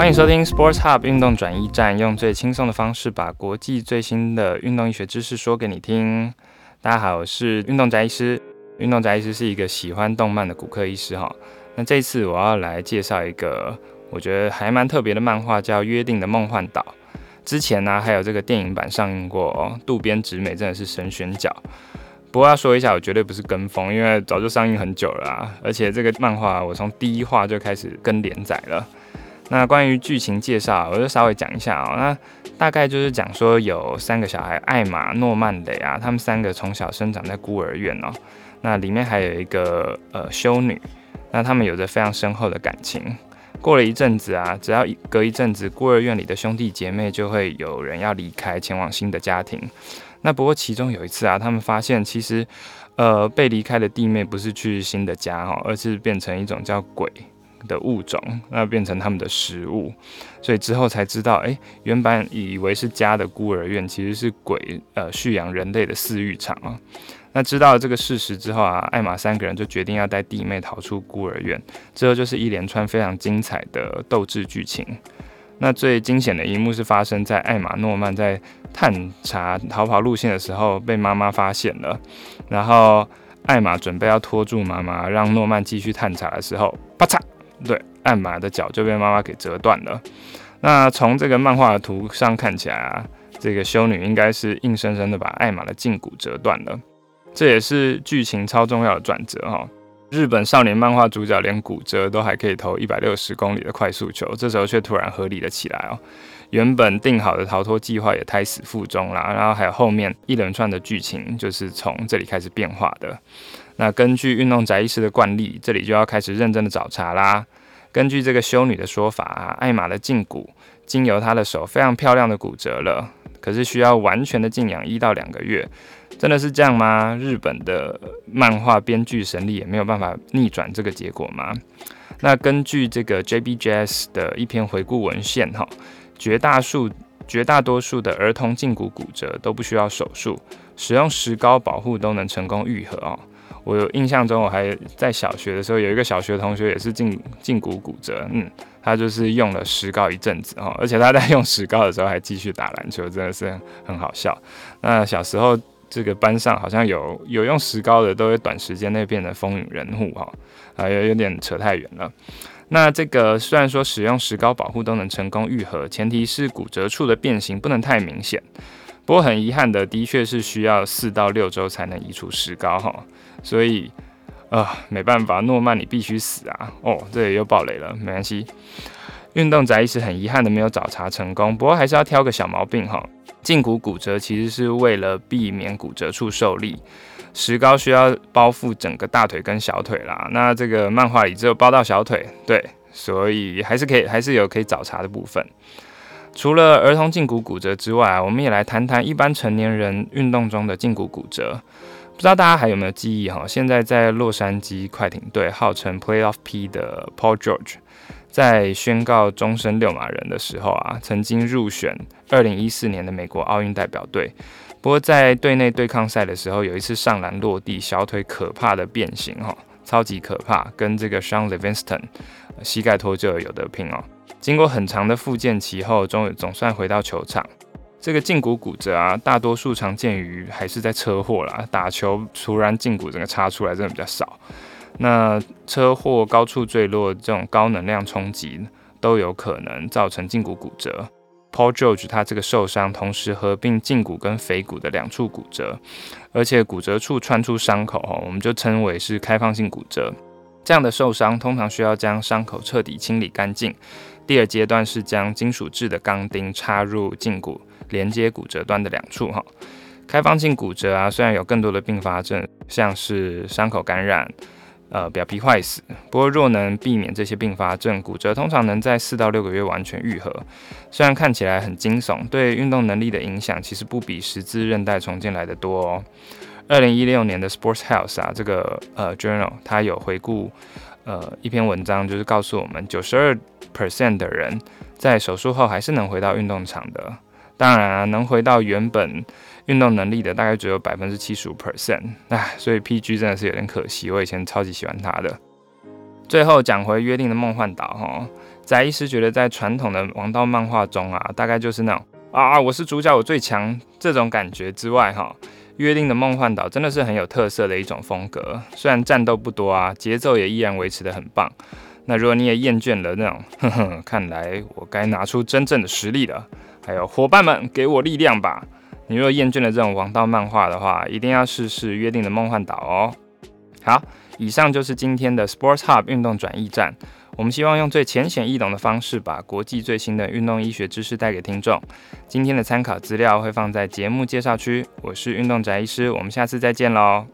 歡迎收聽 Sports Hub 運動轉驛站，用最輕鬆的方式把國際最新的運動醫學知識說給你聽。大家好，我是運動宅醫師。運動宅醫師是一個喜歡動漫的骨科醫師哈。那這次我要來介紹一個我覺得還蠻特別的漫畫，叫《約定的夢幻島》。之前呢、啊，還有這個電影版上映過，哦、渡邊直美真的是神選角。不過要說一下，我絕對不是跟風，因為早就上映很久了、啊，而且這個漫畫我從第一話就開始跟連載了。那關於劇情介紹，我就稍微講一下啊、喔。那大概就是講說有三個小孩，艾瑪、諾曼、雷啊，他們三個從小生長在孤兒院哦、喔。那裡面還有一個呃修女，那他們有着非常深厚的感情。過了一陣子啊，只要一隔一陣子，孤兒院裡的兄弟姐妹就會有人要離開，前往新的家庭。那不過其中有一次啊，他們發現其實呃被離開的弟妹不是去新的家哈、喔，而是變成一種叫鬼。的物種，那變成他們的食物，所以之後才知道，哎、欸，原本以為是家的孤兒院，其實是鬼呃蓄養人類的飼育場啊。那知道了這個事實之後啊，艾瑪三個人就決定要帶弟妹逃出孤兒院，之後就是一連串非常精彩的鬥智劇情。那最驚險的一幕是發生在艾瑪諾曼在探查逃跑路線的時候被媽媽發現了，然後艾瑪準備要拖住媽媽，讓諾曼繼續探查的時候，啪嚓！對，艾瑪的腳就被媽媽給折斷了。那從這個漫畫的圖上看起來，啊，這個修女應該是硬生生的把艾瑪的脛骨折斷了。這也是劇情超重要的轉折哈、哦。日本少年漫畫主角連骨折都還可以投一百六十公里的快速球，這時候却突然合理了起來哦。原本定好的逃脫計劃也胎死腹中啦。然後還有後面一連串的劇情，就是從這裡開始變化的。那根據運動宅醫師的慣例，這裡就要開始認真的找茬啦。根據這個修女的說法啊，艾瑪的脛骨經由她的手非常漂亮的骨折了，可是需要完全的靜養一到兩個月，真的是這樣嗎？日本的漫畫編劇神力也沒有辦法逆轉這個結果嗎？那根據這個 JBJS 的一篇回顧文獻哈，絕大數，絕大多數的兒童脛骨骨折都不需要手術，使用石膏保護都能成功癒合。我有印象中，我還在小學的時候，有一個小學同學也是脛脛骨骨折，嗯，他就是用了石膏一陣子哦，而且他在用石膏的時候還繼續打籃球，真的是很好笑。那小時候這個班上好像有有用石膏的，都會短時間內變得風雲人物哈，啊，有有點扯太遠了。那這個雖然說使用石膏保護都能成功愈合，前提是骨折處的變形不能太明顯。不過很遺憾的，的確是需要四到六週才能移除石膏哈，所以啊、呃、沒辦法，諾曼你必須死啊！哦，這裡又爆雷了，沒關係。運動宅醫師很遺憾的沒有找碴成功，不過還是要挑個小毛病哈。脛骨骨折其實是為了避免骨折處受力，石膏需要包覆整個大腿跟小腿啦。那這個漫畫裡只有包到小腿，對，所以還是可以，還是有可以找碴的部分。除了兒童脛骨骨折之外啊，我們也來談談一般成年人運動中的脛骨骨折。不知道大家還有沒有記憶哈？現在在洛杉磯快艇隊，號稱 Playoff P 的 Paul George，在宣告終身溜馬人的時候啊，曾經入選2014年的美國奧運代表隊。不過在隊內對抗賽的時候，有一次上籃落地，小腿可怕的變形哈，超級可怕，跟這個 Sean Livingston 膝蓋脫臼有得拼哦。經過很長的復健期後，終於總算回到球場。這個脛骨骨折啊，大多數常見於還是在車禍啦。打球突然脛骨整個插出來真的比較少。那車禍、高處墜落這種高能量衝擊都有可能造成脛骨骨折。Paul George 他這個受傷，同時合併脛骨跟腓骨的兩處骨折，而且骨折處穿出傷口，我們就稱為是開放性骨折。這樣的受傷通常需要將傷口徹底清理乾淨。第二階段是將金屬製的鋼釘插入脛骨，連接骨折端的兩處。哈，開放性骨折啊，雖然有更多的併發症，像是傷口感染、呃表皮壞死，不過若能避免這些併發症，骨折通常能在四到六個月完全癒合。雖然看起來很驚悚，對運動能力的影響其實不比十字韌帶重建來的多哦。二零一六年的 Sports Health 啊，這個呃 Journal 它有回顧，呃一篇文章就是告訴我們九十二。percent 的人在手術後還是能回到運動場的，當然啊，能回到原本運動能力的大概只有百分之七十五 percent。唉，所以 PG 真的是有點可惜，我以前超級喜歡他的。最後講回《約定的夢幻島》哈，翟醫師覺得在傳統的王道漫畫中啊，大概就是那種啊啊我是主角我最強這種感覺之外哈，哦《約定的夢幻島》真的是很有特色的一種風格，雖然戰鬥不多啊，節奏也依然維持得很棒。那如果你也厭倦了那種，哼哼看來我該拿出真正的實力了。還有夥伴們，給我力量吧！你若厭倦了這種王道漫畫的話，一定要試試《約定的夢幻島》哦。好，以上就是今天的 Sports Hub 運動轉驛站。我們希望用最淺顯易懂的方式，把國際最新的運動醫學知識帶給聽眾。今天的參考資料會放在節目介紹區。我是運動宅醫師，我們下次再見嘍。